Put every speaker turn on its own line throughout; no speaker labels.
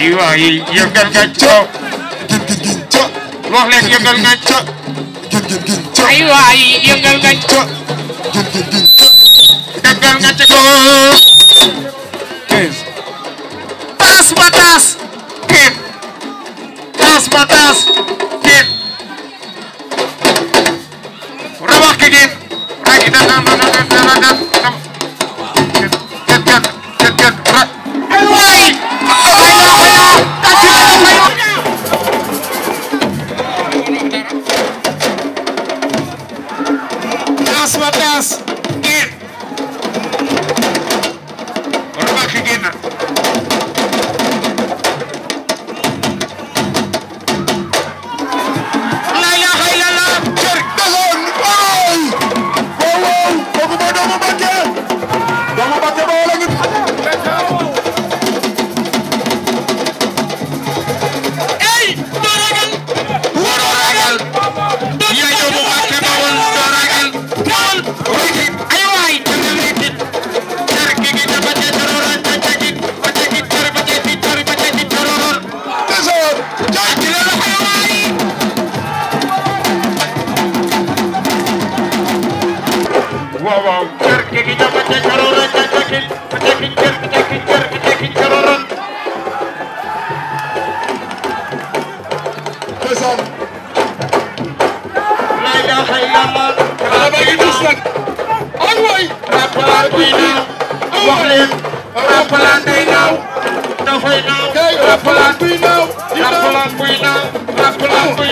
ay waay yëngal nga ca. gin gin gin ca. wax leen yëngal nga ca. gin gin gin ca. ay waay yëngal nga ca. gin gin gin ca. dëggal nga ca. Alxuraan buy naaw. Alxuraan buy naaw. Alxuraan buy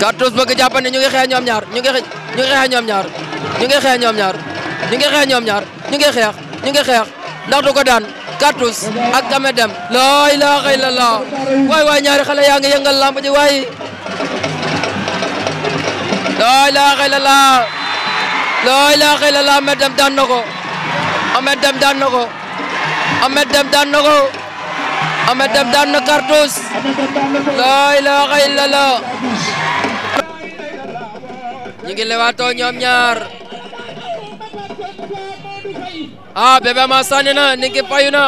Cartouche bëgg jàppandi ñu ngi xeex ñoom ñaar ñu ngi xeex ñu ñoom ñaar ñu ngi ñoom ñaar ñu ngi ñu ngi ndax du ko daan Cartouche ak Gamé Deme laa ilaaha illallah waay waay ñaari xale yaa ngi yëngal ji waay laa ilaaha illallah laa ilaaha illallah Gamé Deme daan na ko Gamé Deme daan na ko Gamé daan na ko Gamé daan na Cartouche laa ilaaha illallah ñu ngi lewaatoo ñoom ñaar ah Bébé Ama sànni na Ninki fayu na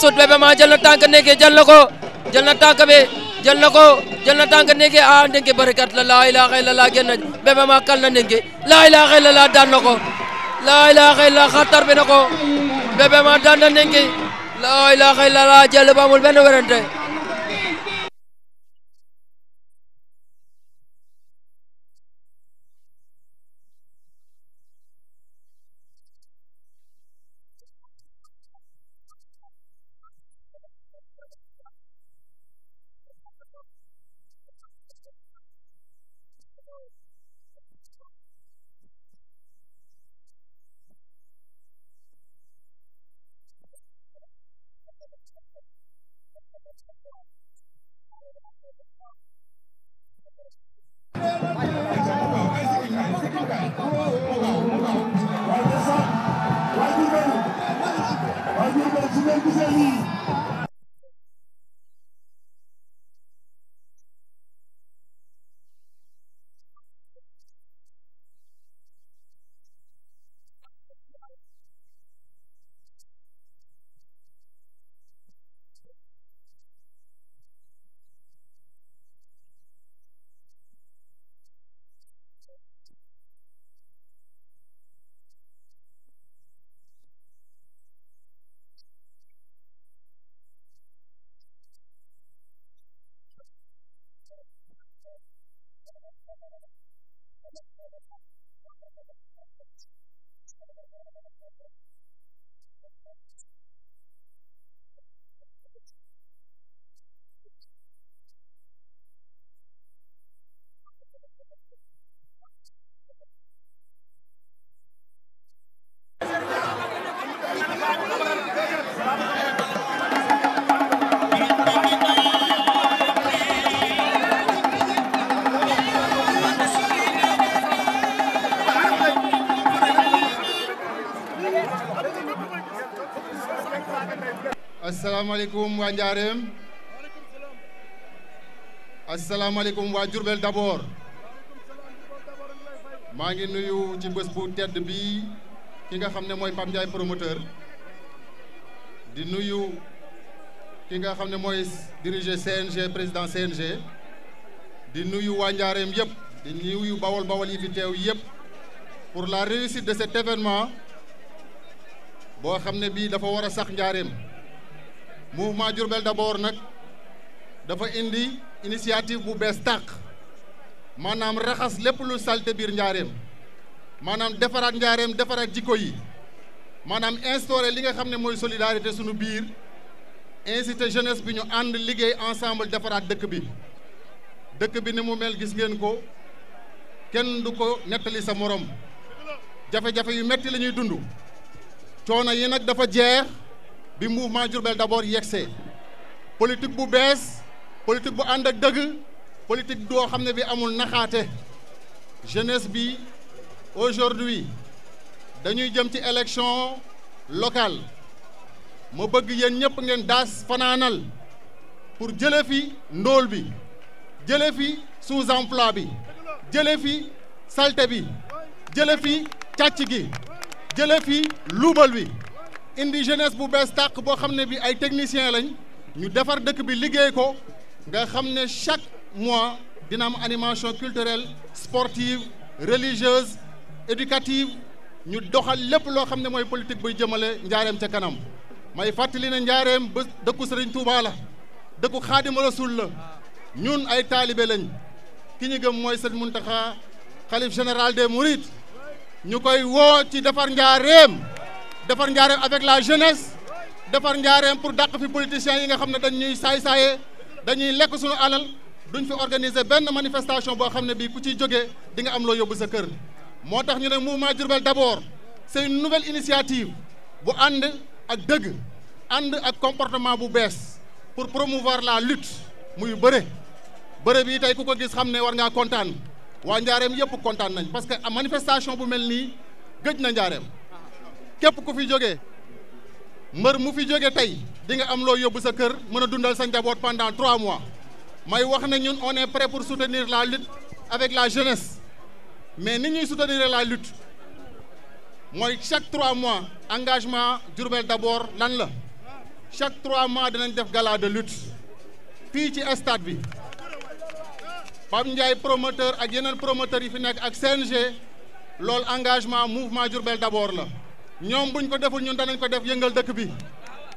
sut Bébé Ama jël na tànk Ninki jël na ko jël na tànk bi jël na ko jël na tànk Ninki ah Ninki la laa ilaaha illallaah génn na Bébé Ama kal na Ninki laa ilaaha illallaah daan na ko laa ilaaha illallaah xatar bi na ko Bébé Ama daan na Ninki laa ilaaha illallaah ba amul benn werante
asalaamaaleykum waa Njaareem asalaamaaleykum waa Diourbel d'abord maa ngi nuyu ci bés bu tedd bi ki nga xam ne mooy Pape Ndiaye promoteur di nuyu ki nga xam ne mooy diriger CNG président CNG di nuyu waa Njaareem yëpp di nuyu bawol bawol yi fi teew yëpp pour la réussite de cet événement boo xam ne bii dafa war a sax Njaareem mouvement Diourbel d'abord nag dafa indi initiative bu bees tàq maanaam raxas lépp lu salte biir njaareem maanaam defaraat njaareem defaraat jikko yi maanaam instauré li nga xam ne mooy solidarité suñu biir incité jeunesse bi ñu ànd liggéey ensemble defaraat dëkk bi dëkk bi ni mu mel gis ngeen ko kenn du ko nettali sa moroom jafe-jafe yu metti la dund coono yi nag dafa jeex bi mouvement Diourbel d'abord yegsee politique bu bees politique bu ànd ak dëgg politique doo xam ne bi amul naxaate jeunesse bi aujourd'hui dañuy jëm ci élection locale ma bëgg yéen ñëpp ngeen daas fanaanal pour jële fi ndóol bi jële fi sous-emploi bi jële fi salte bi jële fi càcc gi jële fi luubal bi indi jeunesse bu bees tàq boo xam ne bi ay techniciens lañ ñu defar dëkk bi liggéey ko nga xam ne chaque mois dina am animation culturelle sportive religieuse éducative ñu doxal lépp loo xam ne mooy politique buy jëmale njaareem ca kanam may fàttali na njaareem ba dëkku Serigne Touba la dëkku Xaadimu Rasul la ñun ay taalibe lañ ki ñu gëm mooy Serigne Mountakha xalif général des Mourides ñu koy woo ci defar njaareem defar njaareem avec la jeunesse defar njaareem pour dàq fi politiciens yi nga xam ne dañuy saay-saaye dañuy lekk suñu alal duñ fi organiser benn manifestation boo xam ne bii ku ciy jógee di nga am loo yóbbu sa kër moo tax ñu ne mouvement Diourbel d'abord c'est une nouvelle initiative bu ànd ak dëgg ànd ak comportement bu bees pour promouvoir la lutte muy bëre bëre bii tey ku ko gis xam ne war ngaa kontaan waa njaareem yëpp kontaan nañ parce que manifestation bu mel nii gëj na njaareem képp ku fi jóge mbër mu fi jóge tey di nga am loo yóbbu sa kër mën a dundal sa njaboot pendant trois mois may wax ne ñun on est prêt pour soutenir la lutte avec la jeunesse mais ni ñuy soutenir la lutte mooy chaque trois mois engagement Diourbel d'abord lan la chaque trois mois danañ def gala de lutte fii ci stade bi Pape Ndiaye promoteur ak yeneen promoteur yi fi nekk ak CNG loolu engagement mouvement Diourbel d'abord la ñoom buñ ko deful ñun danañ ko def yëngal dëkk bi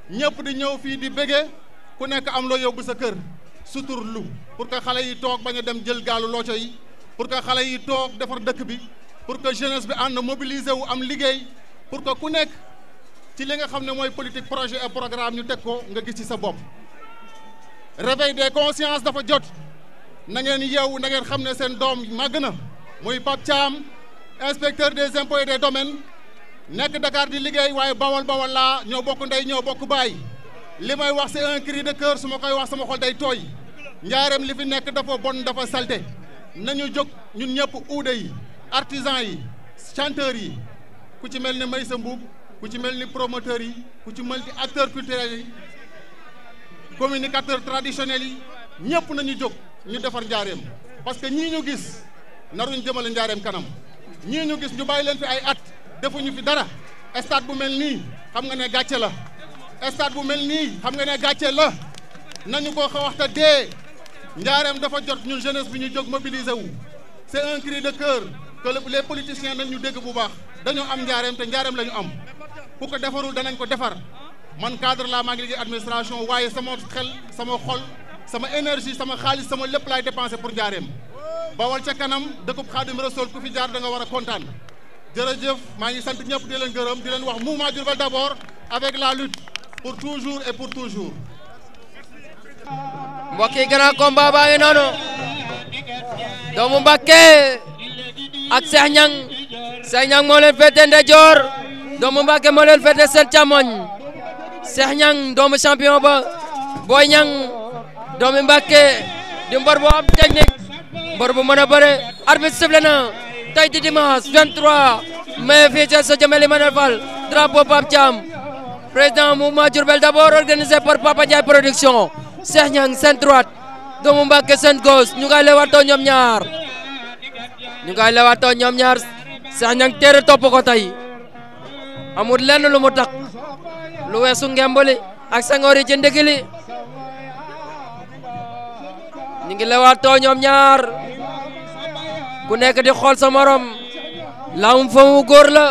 ñëpp di ñëw fii di bége ku nekk am loo yóbbu sa kër suturlu pour que xale yi toog bañ a dem jël gaalu looco yi pour que xale yi toog defar dëkk bi pour que jeunesse bi ànd mobiliser wu am liggéey pour que ku nekk ci li nga xam ne mooy politique projet et programme ñu teg ko nga gis ci sa bopp. réveil des consciences dafa jot na ngeen yeewu na ngeen xam ne seen doom màgg na muy Pape Thiam inspecteur des impôts et des nekk Dakar di liggéey waaye bawol bawol laa ñoo bokk ndey ñoo bokk baay li may wax c'est un cri de cœur su ma koy wax sama xol day tooy njaareem li fi nekk dafa bon dafa salte nañu jóg ñun ñëpp uude yi artisan yi chanteur yi ku ci mel ni Maysa Mbuub ku ci mel ni promoteur yi ku ci mel ni acteur culturel yi communicateur traditionnel yi ñëpp nañu jóg ñu defar njaareem parce que ñii ñu gis naruñ jëmale njaareem kanam ñii ñu gis ñu bàyyi leen fi ay at defuñu fi dara stade bu mel nii xam nga ne gàcce la stade bu mel nii xam nga ne gàcce la nañu ko waxta dee njaareem dafa jot ñu jeunesse bi ñu jóg mobiliser wu c'est un cri de cœur que les politiciens nañ ñu dégg bu baax dañoo am njaareem te njaareem la am ku ko defarul danañ ko defar man cadre laa maa ngi liggéey administration waaye sama xel sama xol sama énergie sama xaalis sama lépp laay dépenser pour njaareem bawal ca kanam dëkkub Xaadim Rasuul ku fi jaar da nga war kontaan jërëjëf maa ngi sant ñëpp di leen gërëm di leen wax mouvement Diourbel d'abord avec la lutte pour toujours et pour toujours.
mbokk yi grand baa ngi noonu doomu Mbakke ak Cheikh Niang Cheikh Niang moo leen féete ndeyjoor doomu Mbakke moo leen féete seen càmmoñ Cheikh Niang doomu champion ba Boy Niang doomu Mbakke di mbor bu am technique mbor bu mën a bëre arbitre tey di dimanche 23 mai fii ca Sodiame Limanel Fall drapeau Pape Thiam président mouvement Diourbel d'abord organisé par Papa Ndiaye production Cheikh seen droite ñu ngay lewaatoo ñoom ñaar ñu ngay lewaatoo ñoom ñaar Cheikh Niang ko tey amul lu mu tak lu weesu ngembali ak sangoor yi ci ñu ngi lewaatoo ñaar ku nekk di xool sa morom lawum fa mu góor la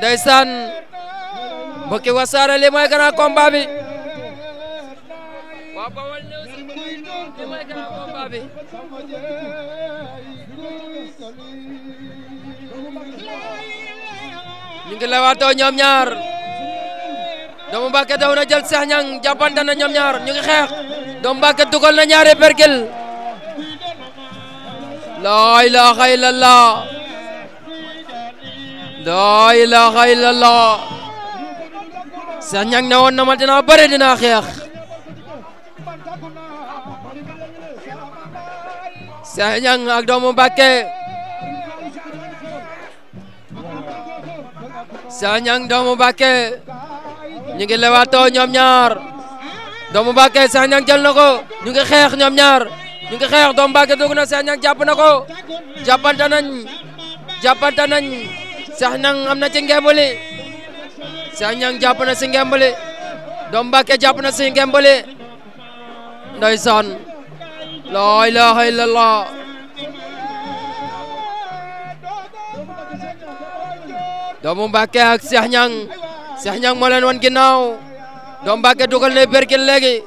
ndeysaan mbokki wasaare li mooy grand li mooy grand combat bi ñu ngi lewaatoo ñoom ñaar doomu Mbàkke daw na jël Cheikh Niang jàppante ñoom ñaar ñu ngi xeex Doomu Mbacké dugal na ñaari perkel laa ilaaha illallah laa ilaaha illallah Cheikh Niang ne ma dinaa bëre dinaa xeex Cheikh ak Doomu Mbacké Cheikh Doomu Mbacké ñu ngi lewaatoo ñaar doomu Mbacké Cheikh Niang jël na ko ñu ngi xeex ñoom ñaar ñu ngi xeex doomu Mbacké dugg na Cheikh Niang jàpp na ko jàppante nañ jàppante nañ Cheikh Niang am na ci ngembali Cheikh Niang jàpp na si ngembali doomu Mbacké jàpp na si ngembali ndeysaan la ilaha illallah doomu Mbacké ak Cheikh Niang Cheikh Niang moo wan ginnaaw Doomu Mbacké dugal na bergel léegi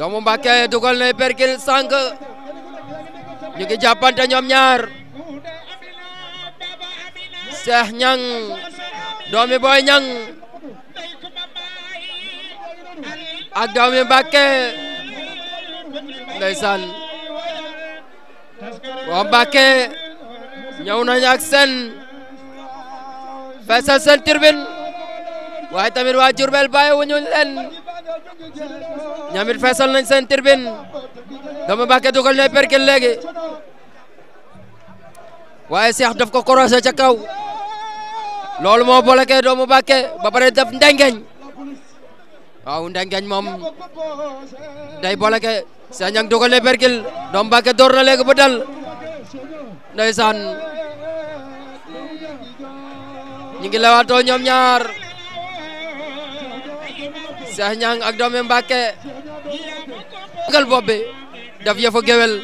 Doomu Mbacké dugal na bergel sànq ñu ngi jàppante ñoom ñaar Cheikh Niang doomi Boy Niang ak Doomu Mbacké ndeysaan waa Mbacké ñëw nañ ak seen feesal seen turbine waaye tamit waa Diourbel bàyyi wu ñu leen ñoom it feesal doomu Mbacké dugal na perkil léegi waaye Cheikh daf ko korosé ca kaw loolu moo bolokee doomu Mbacké ba pare def ndengeñ waaw ndengeñ moom day bolokee Cheikh ñang dugal na perkil doomu Mbacké door na léegi bu dal ñu ngi lewaatoo ñoom ñaar Cheikh Niang ak Doomé Mbacké ngal bopp bi daf yëfu géwél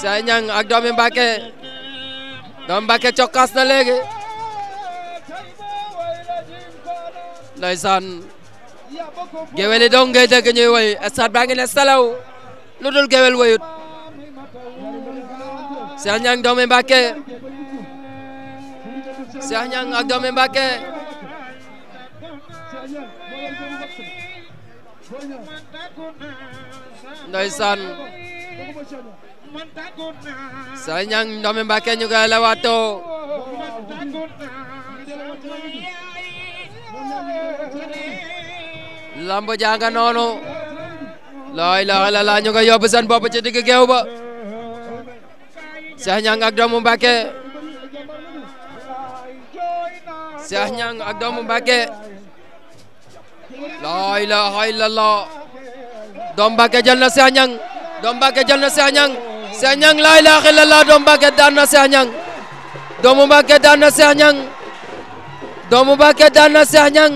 Cheikh ak Doomé Mbacké Doomé Mbacké cokkaas na léegi ndeysaan
géwél yi dong ngay dégg ñuy woy
stade baa ngi ne salaw dul géwél woyut Cheikh Niang Doomé Mbacké
Cheikh Niang ak Doomi Mbacké ndeysaan Cheikh
Niang Doomi Mbacké ñu koy lewaatoo lamb janga noonu la ilaha illallah ñu koy yóbbu seen bopp ci digg géew ba Cheikh Niang ak Doomi Mbacké Cheikh Niang ak doomu Mbacké la ilaha illallah doomu Mbacké jël na Cheikh Niang doomu Mbacké jël na Cheikh Niang Cheikh daan na Cheikh Niang doomu Mbacké daan na Cheikh Niang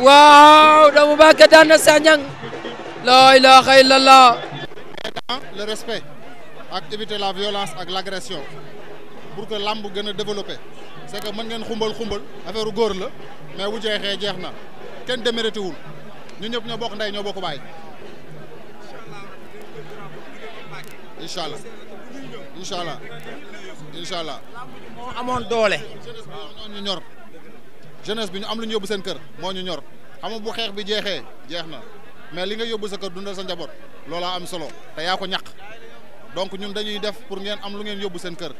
waaw doomu Mbacké daan na Cheikh Niang la ilaha illallah
le respect ak la violence ak l'agression pour que lamb gën a c'est que mën ngeen xumbal xumbal affaire góor la mais bu jeexee jeex na kenn démérité wul ñu ñëpp ñoo bokk ndey ñoo bokk baay. incha allah incha allah incha allah.
moo amoon doole.
ñu ñor jeunesse bi ñu am lu ñu yóbbu seen kër moo ñu ñor xam bu xeex bi jeexee jeex na mais li nga yóbbu sa kër dundal sa njaboot loolaa am solo te yaa ko ñàq donc ñun dañuy def pour ngeen am lu ngeen yóbbu seen kër.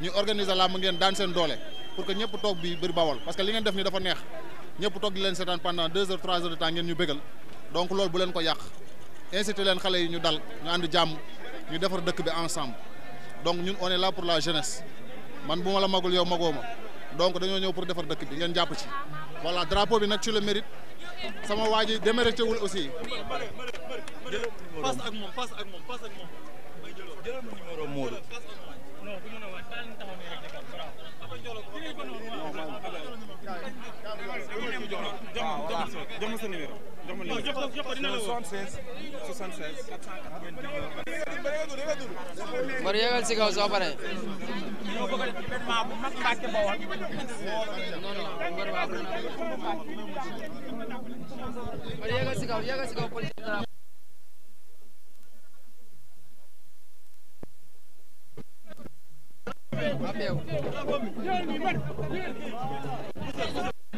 ñu organiser làmb ngeen daan seen doole pour que ñëpp toog bi bëri bawol parce que li ngeen def ni dafa neex ñëpp toog di leen seetaan pendant deux heures trois heures de temps ngeen ñu bégal donc loolu bu leen ko yàq incité leen xale yi ñu dal ñu ànd jàmm ñu defar dëkk bi ensemble donc ñun on la pour la jeunesse man bu ma la magul yow magoo ma donc dañoo ñëw pour defar dëkk bi ngeen jàpp ci voilà drapeau bi nag ci le mérite
sama waa ji démérité wul aussi. passe ak
moom passe ak moom jox ma sa numéro jox ma numéro 76 76. Mbër yëgal si kaw soo paree.
ñoo bëgg a def événement bu mag Mbàkke Bawol. non non mbër waa bu
mbër
yëgal si kaw yëgal si kaw police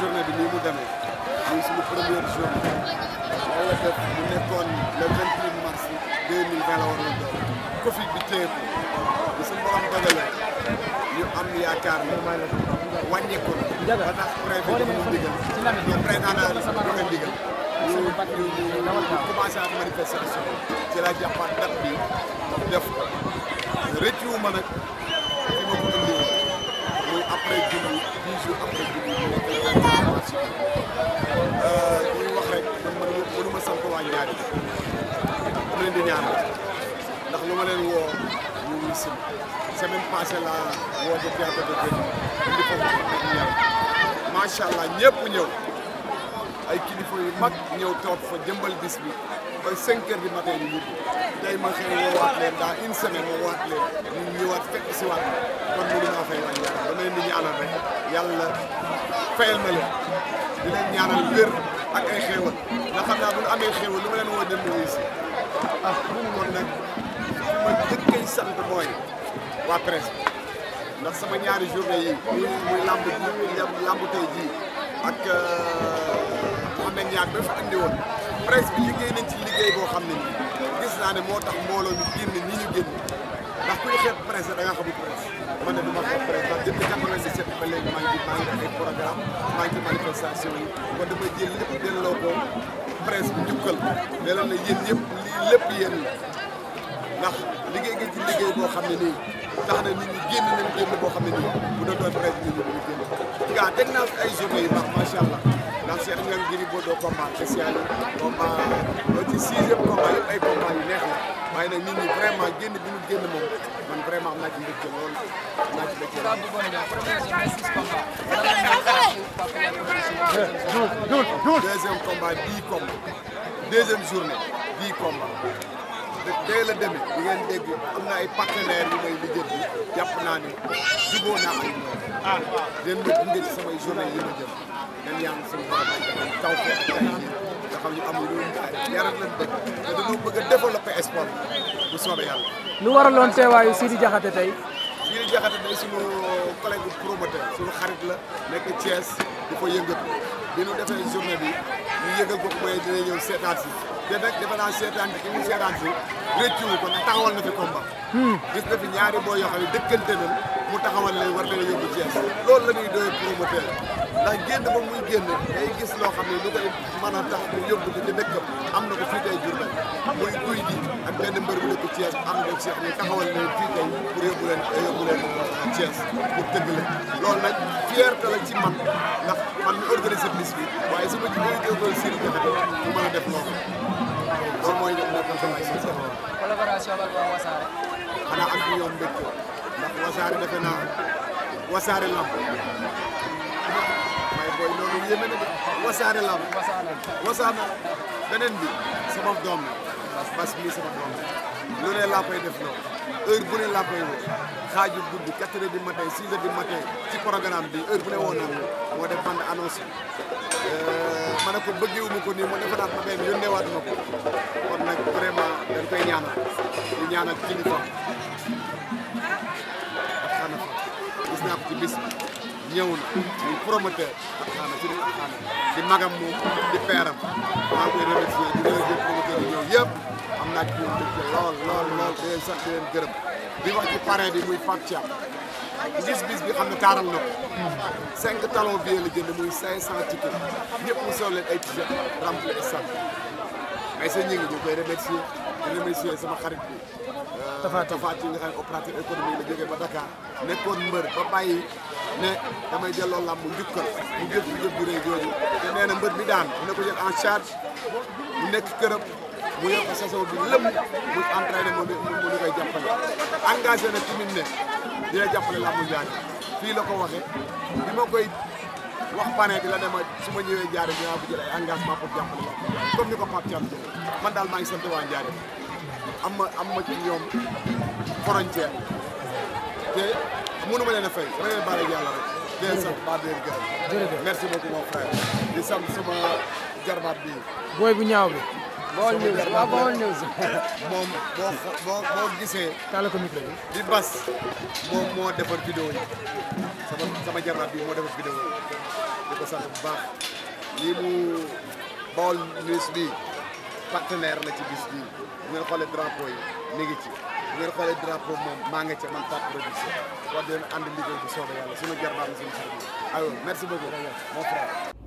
journée bi nii mu demee muy suñu première journée wala def mu nekkoon le teel a war na doon Covid bi téye ko bu suñu borom dogalee ñu am yaakaar ne wàññeeku na ba tax préfet mu digal ñoom président daal ñu ko digal ñu ñu commencé ak manifestation ci la jàppaat date bi def ko rëccuwuma nag fi ma ko indi muy après julli dix jours après julli ñu nekk la manifestation ñuy wax rek man mënuma sant waa Njaari mu leen di ñaanal ma leen woo ñu si semaine passée la woote théâtre de Béni indi foofu ak ñaar allah ñëpp ñëw ay kilifa yu mag ñëw toog fa jëmbal bis bi ba 5 heures du matin ñu ñibbi tey ma xëy woowaat leen dans une semaine ma woowaat leen ñu ñëwaat fekk si waat kon mënu maa fay wàññi dara ba léegi ñu àndal rek yàlla fayal ma leen di ñaanal wér ak ay xéewal nga xam amee xéewal lu ma leen woo dem ba ah bu mu nag. ma sant mooy waa presse ndax sama ñaari journée yi muy muy làmb muy làmb tey jii ak xam euh, ne ñaar ba fa andi woon presse bi liggéey nañ ci liggéey boo xam ne gis naa ne moo tax mbooloo ñu génn ñi ñu génn ndax kuy xeeb presse da nga xamul presse man de du ma xeeb presse ndax depuis quatre vingt dix ba léegi maa ngi maa ngi def ay programme maa ngi ci manifestation yi kon damay jël lépp delloo ko presse bi njukkal ne la yëpp lii lépp yéen ndax liggéey nga ci liggéey boo xam ne nii tax na nit ñi génn nañ génn boo xam ne nii bu doon doon rek nit ñi bu ñu génn gaa teg naa ay journée yu baax macha allah ndax Cheikh Ndiang Gris Bordeaux combat spécial yi combat ba ci sixième combat yëpp ay combat yu neex la waaye nag nit ñi vraiment génn bi moom man vraiment am naa ci mbégte lool naa ci mbégte journée dix combat dès le début di ngeen dégg am na ay partenaires yu may lijjanti jàpp naa ne jubóo naa ak ñoom. ah waaw di leen mën samay journée yi ma jëm. dañ yàlla suñu taw fexe tey jii nga xam ne amul lu yaram lañ dëkk te dañoo bëgg a développer sport bu soobee yàlla.
lu waraloon teewaayu Sidi Diakhaté tey. Sidi
Diakhaté tey suñu collègue promoteur suñu xarit la nekk Thiès di ko yëngatu bi ñu defee journée bi ñu yëgal ko mooy dina ñëw seetaat si. te nag defe naa seetaan bi ki mu seetaan si réccu ko ne taxawal na fi combat. Hmm. gis na fi ñaari boo yoo xam ne mu taxawal leen war leen a yóbbu Thiès loolu la ñuy doon promoteur ndax génn ba muy génn day gis loo xam ne lu koy mën a tax mu yóbbu ci am na ko fii tey jur muy guy gi ak benn mbër bu dëkk Thiès am na Cheikh ñu taxawal leen fii tey pour yóbbu leen yóbbu leen Thiès pour tëgg leen loolu nag fierté la ci man ndax man mi organisé bis bi waaye su ci mën a déggoo Siri Jaxate mu mën a def loolu loolu mooy def na collaboration ak waa Wassare xanaa am ci ñoom ndax wasaare defe naa wasaare lamb may booy loolu yéeme na beneen bi sama doom la bas mii sama doom la lu ne laa def bu ne laa koy woo xaaju guddi 4 heures du matin 6 heures du matin bi heure bu ne woo naan moo def bande annonce euh, ma ne ko bëggee wu ma ko nii ma defaraat ma benn waat ma ko kon nag vraiment dañ koy ñaanal di ñaanal gis naa ko ci bis ñëw na muy ci def ak xaana di magam moom di peeram maa ngi koy remercier di remercier promoteur yi ñëw yëpp am naa ci ñoom dëgg lool lool lool di leen sant di leen gërëm di ci parrain bi muy Pape Thiam gis bis bi xam ne taaral na ko cinq talon vie la jënd muy cinq cent tickets ñëpp mu sol leen ay tickets rempli stade ay sa ñi ngi ñu koy remercier di remercier sama xarit bi. Tafa Tafa ci nga xam ne opérateur économique la jógee ba Dakar nekkoon mbër ba bàyyi ne damay delloo làmb njukkal mu jëf jëf bu rëy jooju te nee na mbër bi daan dina ko jël en charge mu nekk këram mu yokk saison bi lëmm muy entraîné mu ne mu ne koy jàppale engagé na tamit ne dina jàppale làmb Ndiaye fii la ko waxee bi ma koy. wax parrain bi la ne ma su ma ñëwee Ndiarème dinaa ko jël ay engagement pour jàppale wax comme ni ko Pape Thiam jëlee man daal maa ngi sant waa Ndiarème am ma am ma ci ñoom frontière te mënu ma leen a fay ma leen baale yàlla rek. jërëjëf di leen sant baal di leen gërëm. merci beaucoup mon frère di sant jarbaat bi.
booy bu ñaaw bi.
Baol News waaw Baol News. moom boo boo boo gisee. tàllal ko micro bi. di bas moom moo defar vidéo yi sama sama bi moo defar vidéo yi di ko sant bu baax lii mu Baol News bi partenaire la ci gis bii bu ngeen xoolee drapeau yi mi ngi ci. bu ngeen xoolee drapeau moom maa nga ca man Pape Production wax dëgg yàlla ànd liggéey bu yàlla sunu jaraat bi suñu xarit bi aywa merci beaucoup mon frère.